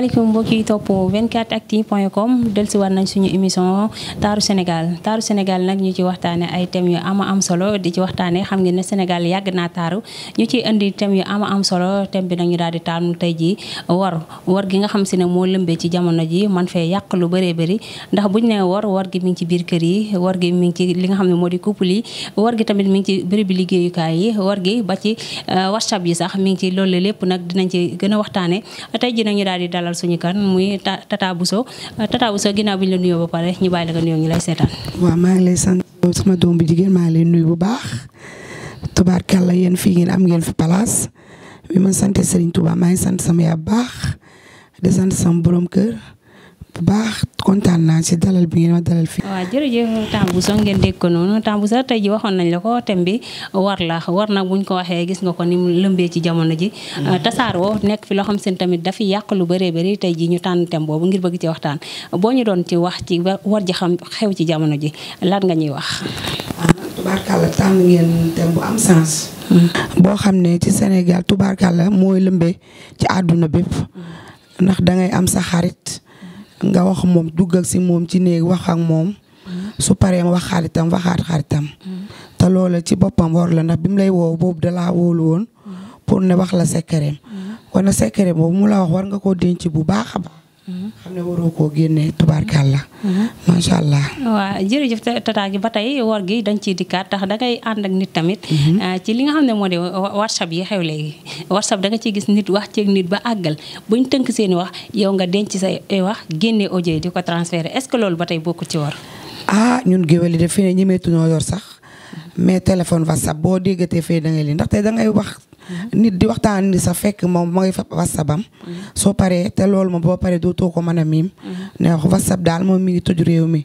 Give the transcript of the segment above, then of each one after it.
asalaamaaleykum mbokk yi topp 24actu.com dellusi war nañ suñu émission taaru Sénégal taaru Sénégal nag ñu ci waxtaane ay thèmes yu ama am solo di ci waxtaane xam ngeen ne Sénégal yàgg naa taaru ñu ci indi thèmes yu ama am solo thème bi nag ñu daal di taanu tey ji war war gi nga xam si ne moo lëmbee ci jamono ji man fee yàq lu bëree bëri ndax buñ nee war war gi mi ngi ci biir kër yi war gi mi ngi ci li nga xam ne moo di couple yi war gi tamit mi ngi ci béréb bi liggéeyukaay yi war gi ba ci euh, WhatsApp yi sax mi ngi ci loolu lépp nag dinañ ci gën a waxtaane tey ji nag ñu di dalal dalal suñu kan muy Tata Bousso euh, Tata Bousso ginnaaw bi ñu la nuyoo ba pare ñu bàyyi la nga nuyoo ñu lay seetaan. waaw maa ngi lay sant sama doom bu jigéen maa ngi lay nuyu bu baax tubaarkàlla yéen fii ngeen am ngeen fi place bi ma sant Serigne Touba maa ngi sant sama yaa baax di sant sama borom kër. bu baax kontaan naa si dalal bi ngeen ma dalal fii. waaw jërëjëf Tambouzo ngeen dégg ko noonu Tambouzo tey ji waxoon nañ la ko thème war la war nag buñ ko waxee gis nga ko ni mu lëmbee ci jamono ji. Mm-hmm. tasaaroo nekk fi loo xam seen tamit dafi yàq lu bëree bëri tey ji ñu tànn thème boobu ngir bëgg ci waxtaan boo ñu doon ci wax ci war ji xam xew ci jamono ji lan nga ñuy wax. Ah, tubaarkàlla mm-hmm. xam ne ci Sénégal tubaarkàlla mooy lëmbee ci àdduna bépp mm-hmm. ndax dangay am sa xarit. nga wax moom duggal si moom ci néeg wax ak moom su paree wax xaritam waxaat xaritam te loola ci boppam war la ndax bi mu lay woo boobu dalaa wóolu woon pour ne wax la secret wala secret boobu mu la wax war nga koo bu baax a xam ne waroo koo génnee tubaar génne la macha allah. waa jërëjëf tata gi ba tey woor gi dañ ciy dikkaat tax da ngay ànd ak nit tamit. Mhm. Ah, ci li nga xam ne moo de whatsapp yi xew léegi whatsapp da nga ciy gis nit wax ceeg nit ba àggal buñ tënk seen wax yow nga denc sa wax génnee audio yi di ko transférer est-ce que loolu ba tey bokkul ci woor. ah ñun géwél yi daf fi ne ñemeetu ñoo yor sax mais téléphone whatsapp boo déggatee fee da ngay li ndaxte da wax. nit di waxtaan ni sa fekk moom ma ngi fa wasabam soo paree te lool moom boo paree dootoo ko mën a miim ne wax wasab daal moom mi ngi toj réew mi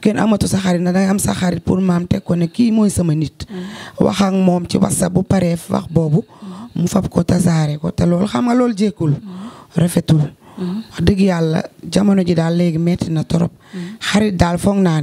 kenn amatu sa xarit na danga am sa xarit pour maam teg ko ne kii mooy sama nit wax moom ci wasab bu paree wax boobu mu fab ko tasaare ko te lool xam nga loolu jékkul rafetul dëgg yàlla jamono ji daal léegi metti na torop xarit daal foog naa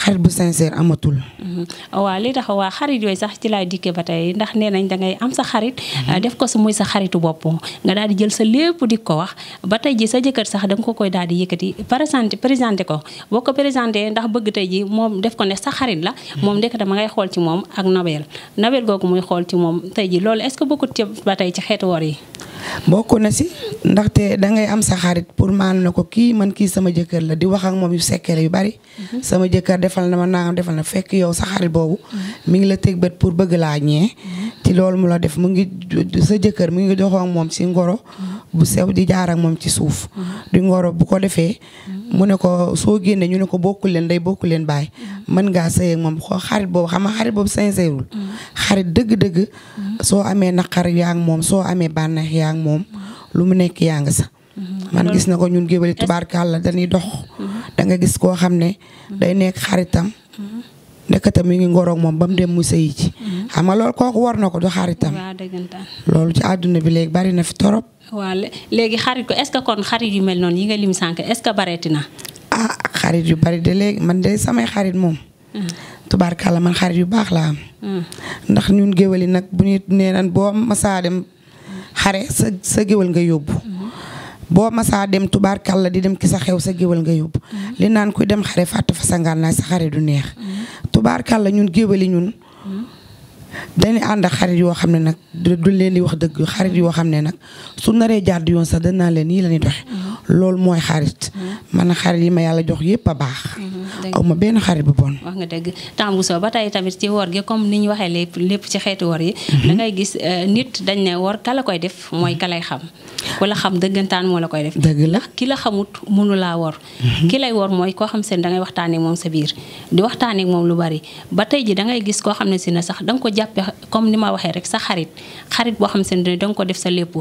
xarit bu sincère amatul. Mm-hmm. Oh, waaw li tax waa xarit yooyu sax ci laa dikkee ba tey ndax nee nañ dangay am sa xarit. Mm-hmm. def ko su muy sa xaritu bopp nga daal di jël sa lépp di ko wax ba tey ji sa jëkkër sax danga ko koy daal di yëkkati présenté présenté ko boo ko présenté ndax bëgg tey ji moom def ko ne sa xarit la. Mm-hmm. moom ndekk dama ngay xool ci moom ak nobel nobel googu muy xool ci moom tey ji loolu est-ce que bokkut ci ba tey ci xeetu wor yi. bokk na si ndaxte dangay am sa xarit pour maan na ko kii man kii sama jëkkër la di wax ak moom yu yu bari. defal na ma naam defal na fekk yow sa xarit boobu mi ngi la teg bët pour bëgg laa ñee ci loolu mu la def mu ngi sa jëkkër mu ngi doxoo ak moom si ngoro bu sew di jaar ak moom ci suuf di ngoro bu ko defee mu ne ko soo génne ñu ne ko bokku leen day bokku leen baay mën ngaa sëy ak moom ko xarit boobu xam nga xarit boobu sincèreul xarit dëgg-dëgg soo amee naqar yaa ngi moom soo amee bànneex yaa ngi moom lu mu nekk yaa ngi Mm-hmm. man gis na ko ñun géwéli tubaarkàlla dañuy dox mm-hmm. da nga gis koo xam ne mm-hmm. day nekk xaritam ndekete mi ngi ngoroog moom ba mu dem mu sëyi ci xam nga loolu kooku war na ko du xaritam loolu ci àdduna bi léegi bari na fi torop waaw léegi xarit ko est-ce que kon xarit yu mel noonu yi nga lim sànk est-ce que bareeti na ah xarit yu bari de léegi man de samay xarit moom la man xarit yu baax laa am ndax ñun yi nag bu ñu nee nan boo masaa dem xare sa sa géwél nga yóbbu boo masaa dem tubaar tubaarkàlla di dem ki sa xew sa géwél nga yóbbu mm-hmm. li naan kuy dem xare fàtt fa sa ngànnaay sa xare du neex mm-hmm. tubaarkàlla ñun géwali ñun mm-hmm. dañuy ànd ak xarit yoo xam ne nag duñ leen di wax dëgg xarit yoo xam ne nag su naree jaar yoon sax danaa leen nii la ñuy doxe loolu mooy xarit. man xarit yi ma yàlla jox yëpp a baax. Mhm. aw ma benn xarit bu bon. wax nga dëgg temps bu soo ba tey tamit ci woor gi comme ni ñu waxee lépp lépp ci xeeti woor yi. Mhm. da ngay gis euh, nit dañ ne woor kala koy def mooy kalay xam. wala xam dëggantaan moo la koy def. dëgg la ki la xamut mënu laa woor. Mhm. ki lay woor mooy koo xam seen da ngay waxtaanee moom sa biir di waxtaanee moom lu bari ba tey ji da ngay gis koo xam ne si ne sax da ko jàppee comme ni ma waxee rek sa xarit xarit boo xam seen da nga ko def sa lépp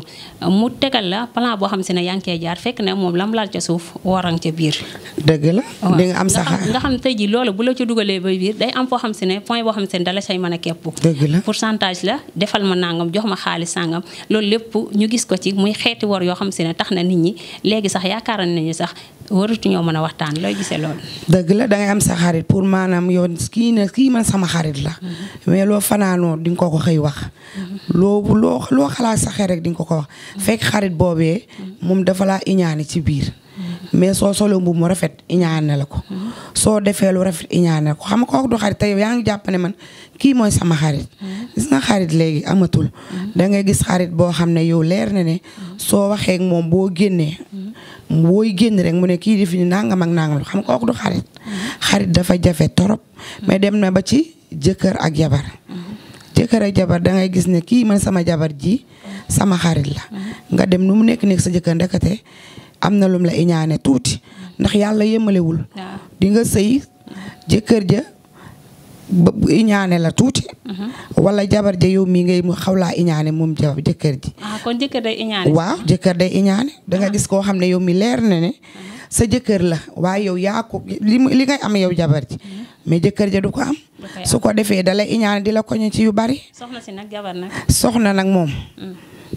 mu tegal la plan boo xam si ne yaa jaar fekk fekk ne moom lam laal ca suuf warang ca biir. dëgg la di nga am sax nga xam tey loolu bu la ca dugalee ba biir day am foo xam si ne point boo xam si ne dala say mën a képp. dëgg la pourcentage la defal ma nangam jox ma xaalis sangam loolu lépp ñu gis ko ci muy xeeti wor yoo xam si ne tax na nit ñi léegi sax yaakaar nañu sax waratuñoo mën a waxtaan looy gisee loolu. dëgg la da am sa xarit pour maanaam yow kii ne kii man sama xarit la. Mm-hmm. mais loo fanaanoo di nga ko ko xëy wax. Mm-hmm. loo loo loo xalaat sa xel rek di nga ko ko wax. Mm-hmm. fekk xarit boobee. moom dafa laa iñaane ci biir. mais soo solo mbubb mu rafet iñaane la ko soo defee lu rafet iñaane ko xam nga kooku du xarit te yaa ngi jàpp ne man kii mooy sama xarit gis nga xarit léegi amatul da ngay gis xarit boo xam ne yow leer na ne soo waxee moom boo génnee booy génn rek mu ne kii defi ak nangam xam nga kooku du xarit xarit dafa jafe torop mais dem na ba ci jëkkër ak jabar jëkkër ak jabar da ngay gis ne kii man sama jabar ji sama xarit la nga dem nu mu nekk nekk sa jëkkër ndakate am na lum la iñaane tuuti ndax yàlla yemalewul di nga sëy jëkkër ja iñaane la tuuti mm-hmm. wala jabar ja yow mii ngay xaw laa iñaane moom jabar jëkkër ji ah, kon jëkkër day iñaane waaw jëkkër day iñaane danga ah. gis koo xam ne yow mi leer na ne mm-hmm. sa jëkkër la waaye yow yaa ko li li ngay am yow jabar ji mm-hmm. mais jëkkër ja du ko am su ko defee da lay iñaane di la koñe ci yu bari soxna si nag jabar soxna nag moom mm.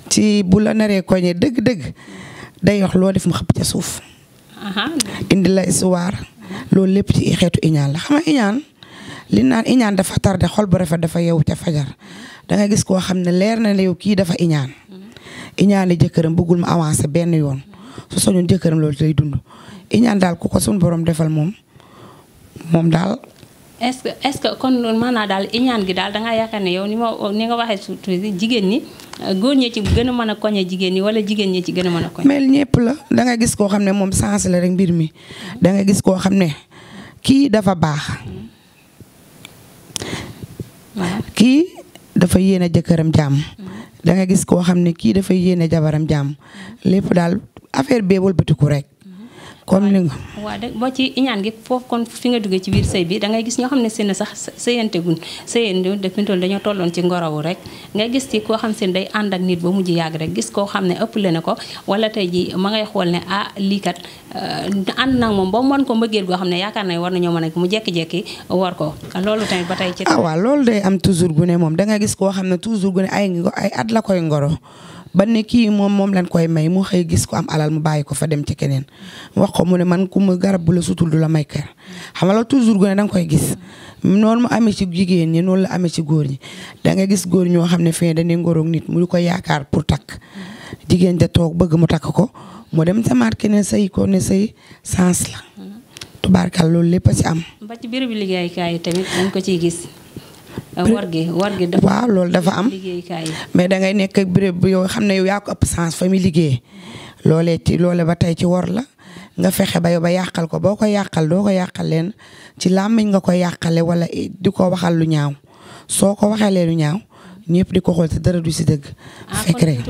ci bu la naree koñe dëgg-dëgg mm. day yox loo def mu xëpp ca suuf. indi la histoire loolu lépp ci xeetu iñaan la xam nga iñaan li naan iñaan dafa tardé xol bu rafet dafa yew ca fajar da gis koo xam ne leer na ne yow kii dafa iñaan. iñaane jëkkëram bëggul ma avancé benn yoon su soñoon jëkkëram loolu lay dund iñaan daal ku ko suñu borom defal moom moom daal est ce que est ce que kon maanaam daal iñaan gi daal da ngaa yaakaar ne yow ni ma ni nga waxee surtout jigéen ñi góor ñee ci gën a mën a koñe jigéen ñi wala jigéen ñi ci gën a mën a mel ñëpp la da nga gis koo xam ne moom sens la rek mbir mi da nga gis koo xam ne kii dafa baax. kii dafa yéene jëkkëram jàmm. da gis koo xam ne kii dafa yéene jabaram jàmm lépp daal affaire beebul batiku rek. kon li nga. waaw de boo ci iñaan gi foofu kon fi nga duggee ci biir sëy bi da ngay gis ñoo xam ne seen sax sëyantegun sëyandu def ñu dañoo tolloon ci ngoro wu rek nga gis ci koo xam seen day ànd ak nit ba mujj yàgg rek gis koo xam ne ëppale na ko wala tey ji ma ngay xool ne ah liikat kat euh, ànd nag moom ba mën ko mbëggeel goo xam ne yaakaar nañu war nañoo mën a mu jekki-jekki war ko loolu tamit ba tey ci. ah waaw loolu day am toujours bu ne moom da gis koo xam ne toujours gune ne ay ay at la koy ngoro. ba ne kii moom moom lañ koy may mu xëy gis ko am alal mu bàyyi ko fa dem ci keneen wax ko mu ne man ku ma garab bu la sutul du la may kër xam nga loolu toujours gone da nga koy gis noonu mu amee ci jigéen ñi noonu la amee ci góor ñi da nga gis góor ñoo xam ne fii dañuy ngoroog nit mu ko yaakaar pour takk jigéen ja toog bëgg mu takk ko mu dem samaat keneen sëy ko ne sëy sens la mm-hmm. tubaarkal loolu lépp a ci am. ba ci bérébu liggéeyukaay tamit dañ ko ciy gis. Euh, war gi war gi dafa waaw loolu dafa am mais da ngay nekk ak bu yow xam ne yow yaa ko ëpp chance fa muy liggéey loolee ci loole ba tey ci wor la nga fexe ba yow ba yàqal ko boo ko yàqal doo ko yàqal leen ci làmmiñ nga ko yàqale wala di ko waxal lu ñaaw soo ko waxalee lu ñaaw ñëpp di ko xool si dara du si dëgg. Ah, fekk rek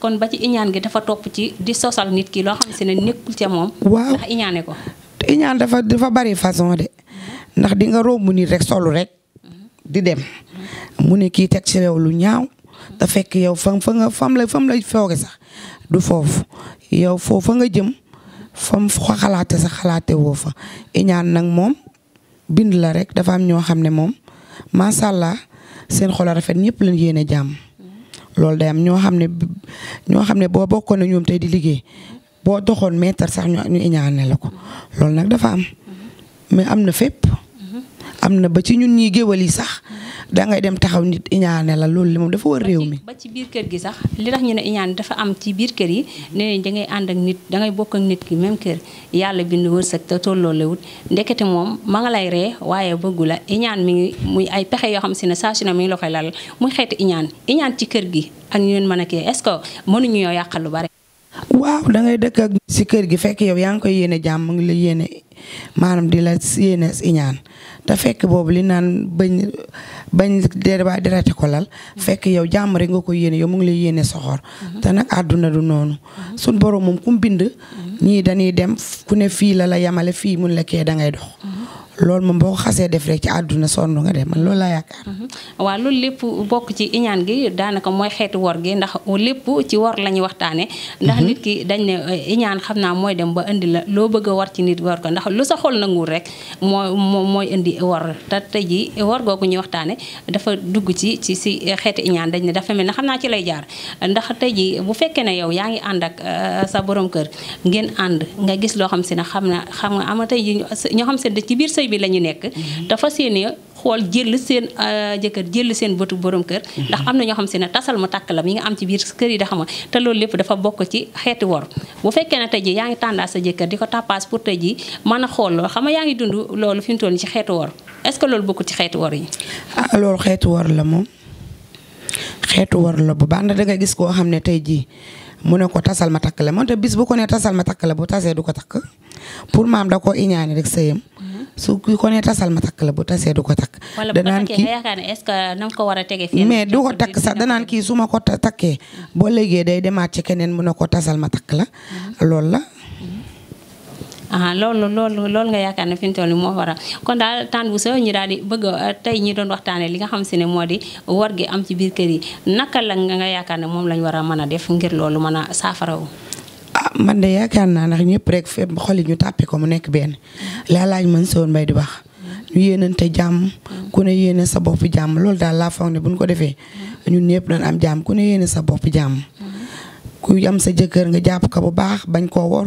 kon ba ci iñaan gi dafa topp ci di sosal nit ki loo xam si ne nekkul ca moom. waaw iñaane ko. te iñaan dafa dafa bari façon de ndax di nga romb nit rek solu rek. di dem mu ne kii teg ci yow lu ñaaw te fekk yow fam fa nga fam la fam la fooge sax du foofu yow foofa nga jëm fam xalaate sax xalaate woo fa iñaan nag moom bind la rek dafa am ñoo xam ne moom macha allah seen xol a rafet ñëpp leen yéene jàmm loolu day am ñoo xam ne ñoo xam ne boo bokkoon na ñoom tey di liggéey boo doxoon mètre sax ñu iñaane la ko loolu nag dafa am mais am na fépp am na ba ci ñun ñi géwal yi sax dangay dem taxaw nit iñaane la loolu li moom dafa war réew mi. ba ci biir kër gi sax li tax ñu ne iñaan dafa am ci biir kër yi ne nañ dangay ànd ak nit dangay bokk ak nit ki même kër yàlla bind wërsëg te tolloo la wut ndekete moom ma nga lay ree waaye bëggu la iñaan mi ngi muy ay pexe yoo xam si ne saa su ne mi ngi la koy lal muy xeeti iñaan iñaan ci kër gi ak ñu leen mën a kii est-ce que mënuñu yoo yàqal lu bari. waaw dangay dëkk ak si kër gi fekk yow yaa ngi koy yéene jàmm ngi la yéene maanaam di la yéene iñaan te fekk boobu li naan bañ bañ débat direte ko lal fekk yow jàmm rek nga ko yéene yow mu ngi lay yéene soxor mhm. te nag àdduna du noonu mhm. suñ borom moom ku bind mhm. ñii dañuy dem ku ne fii la la yamale fii mun la kee da ngay dox lool moom boo ko xasee def rek ci àdduna sonn nga def man loolu laa yaakaar. Mhm. waaw loolu lépp bokk ci iñaan gi daanaka mooy xeetu wor gi ndax lépp ci wor la ñuy waxtaanee. ndax mhm. nit ki dañ ne euh, iñaan xam naa mooy dem ba indi la loo bëgg a war ci nit war ko ndax lu sa xol rek moo moo mooy indi wor te tey jii wor googu ñuy waxtaanee dafa dugg ci ci si xeetu iñaan dañ ne dafa mel ne xam naa ci lay jaar ndax tey jii bu fekkee ne yow yaa ngi ànd ak euh, sa borom kër ngeen ànd nga gis loo xam si ne xam na xam nga ama tey ñoo xam si ne ci biir sëy bi la ñu nekk dafa seen xool jël seen euh, jëkkër jël seen bëtu borom kër ndax am na ñoo xam si ne tasal ma takk la mi nga am ci biir kër yi da xam te loolu lépp dafa bokk ci xeeti wor fekkee ne tey ji yaa ngi tendance sa jëkkër di ko tappaas pour tey ji mën a xool loolu xam yaa ngi dund loolu fi mu toll ci xeeti wor est-ce que loolu bokkul ci xeeti wor yi ah loolu la moom xeetu war la bu baax ndax dangay gis koo xam ne tey jii mu ne ko tasal ma takk la moonte bis bu ko ne tasal ma takk la bu tasee du ko takk pour maam da koo iñaane rek sa sëyam su ki ko ne tasal ma takk la bu tasee du ko takk. danaan kii est-ce que na nga ko war a tege fii mais du ko takk sax danaan su ma ko takkee boo léegi day demaat ci keneen mu ne ko tasal ma takk la mhm. lool la. ah loolu loolu loolu nga yaakaar ne fi mu toll nii moo waral kon daal tànn bu soo ñu daal di bëgg tey ñi doon waxtaanee li nga xam si ne moo di war gi am ci biir kër yi naka la nga yaakaar ne moom lañ war a mën a def ngir loolu mën a saafarawu ah man de yaakaar naa ndax ñëpp rek fépp xol yi ñu tàppe ko mu nekk benn laa laaj mën soon mbay di wax ñu yéenante jàmm ku ne yéene sa bopp jàmm loolu daal laa foog ne bu ñu ko defee ñun ñëpp dañ am jàmm ku ne yéene sa bopp jàmm ku am sa jëkkër nga jàpp ko bu baax bañ koo wor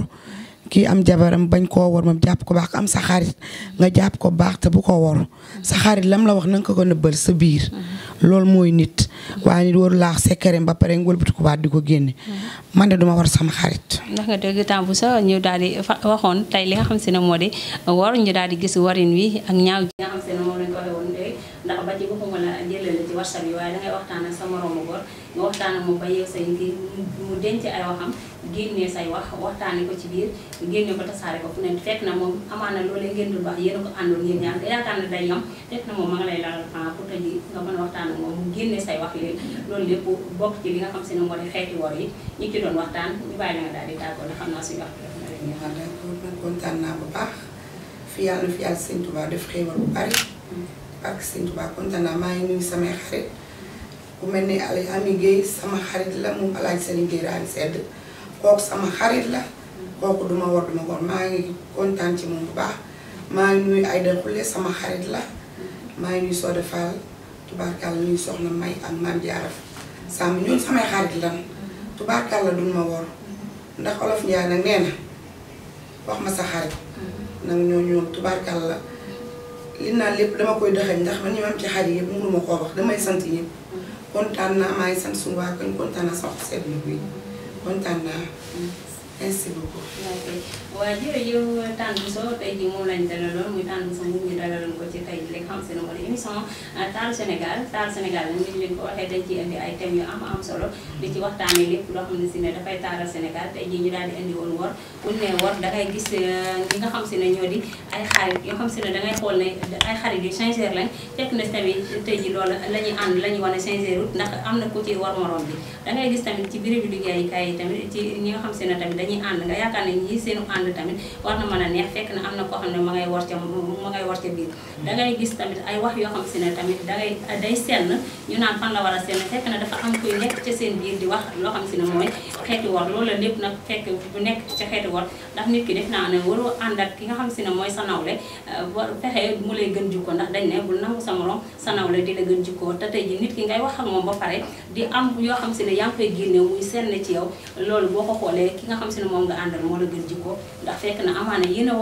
kii am jabaram bañ koo wor moom jàpp ko baax am sa xarit nga jàpp ko baax te bu ko wor sa xarit lam la wax na nga ko ko nëbbal sa biir loolu mooy nit waaye nit waru laax sekkereem ba pare ngul bitiku waat di ko génne man de duma war sama xarit ndax nga dégg temps sa ñu daal waxoon tey li nga xam si ne moo di war ñu daal di gis warin wi ak ñaaw gi nga xam si ne moom lañ ko waxtaan ak sa moromu góor nga waxtaan ak moom ba yeew say mu denc ay waxam génnee say wax waxtaane ko ci biir génne ko tasaare ko fu ne fekk na moom amaana loolee ngeen dul wax yéen a ko àndoon yéen nga yaakaar a waxtaan moom génne say wax loolu lépp bokk ci li nga xam si ne moo def na bu baax fi yàlla fi yàlla sëñ Tuubaa def mm. mel ni Aliou Ami Guèye la moom alaaj Sani Guèye sedd kooku sama xarit la kooku duma war duma war maa ngi kontaan ci moom bu baax maa ngi nuyu Aïda Khoule sama xarit la maa ngi ñuy Soda Fall tubaarkàlla nuyu soxna May ak maam Diarra sàmm ñun samay xarit lan tubaarkàlla duñ ma wor ndax olof Ndiaye nag nee na wax ma sa xarit nag ñoo ñoom la li naan lépp dama koy doxañ ndax man ñi ma ci xarit yëpp mënuma koo wax damay sant ñëpp kontaan naa maa ngi sant suñu waa koñ kontaan naa sama xol sedd na kontaan naa. merci beaucoup. waaw kay waaw jërëjëf Tane Bousso tey jii moom lañ dalaloon muy Tane Bousso émission euh, taal Sénégal taal Sénégal la nit leen ko waxee dañ ciy indi ay thèmes yu am am solo di ci waxtaanee lépp loo xam ne si ne dafay taaral Sénégal tey jii ñu daal di indi woon wor buñ wor da ngay gis euh, ñi nga xam si ne ñoo di ay xarit yoo xam ne da ngay xool ay xarit yu sincère lañ fekk na tamit tey jii loolu la ñuy ànd la ñuy wane sincère wut ndax am na ku ci war morom bi da ngay gis tamit ci bérébu liggéeyukaay yi tamit ci ñi nga xam si ne tamit dañuy ànd nga yaakaar ne ñi seenu ànd tamit war na mën a neex fekk na am na ko xam ne ma ngay war ca ma ngay war gis tamit ay wax yoo xam si ne tamit dangay day senn ñu naan fan la war a senn fekk na dafa am kuy nekk ci seen biir di wax loo xam si ne mooy xeeti wor loolu la lépp nag fekk bu nekk ci xeeti wor ndax nit ki def naa ne ki nga xam si ne mooy sa nawle euh, war fexe mu lay gën jikko ndax dañ ne bul sa sa nawle di la gën jikko te tey ji nit ngay wax ak moom ba pare di am yoo xam si ne yaa ngi koy génne muy ci yow loolu boo ko xoolee ki nga xam si moom nga àndal moo la gën jikko ndax fekk na amaana yéen a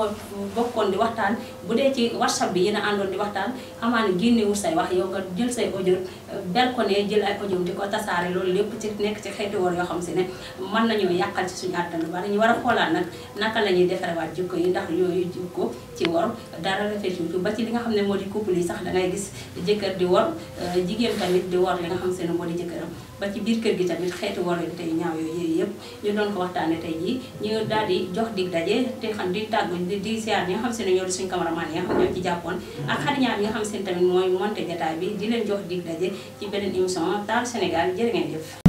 bokkoon di waxtaan bu dee ci whatsapp bi yéen a àndoon di waxtaan amaana mooy génnewul say wax yow nga jël say audio bel ko ne jël ay audio di ko tasaare loolu lépp ci nekk ci xeeti war yoo xam si ne mën nañoo yàqal ci suñu àdduna ba dañu war a xoolaat nag naka la ñuy defarewaat jikko yi ndax yooyu jikko ci wor dara rafetul ci ba ci li nga xam ne moo di couple yi sax da ngay gis jëkkër di wor jigéen tamit di wor li nga xam seen ne moo di jëkkëram ba ci biir kër gi tamit xeetu waroon tey ñaaw yooyu yëpp ñu doon ko waxtaane tey jii ñu daal di jox dig daje te xam di tàggu di ziar ñi nga xam se ne ñoo di suñu cameraman yi xam ñoo ci jàppoon ak xariñaar yi nga xam seen tamit mooy monté jataay bi di leen jox dig daje ci beneen émission Taaru Sénégal jërë ngeen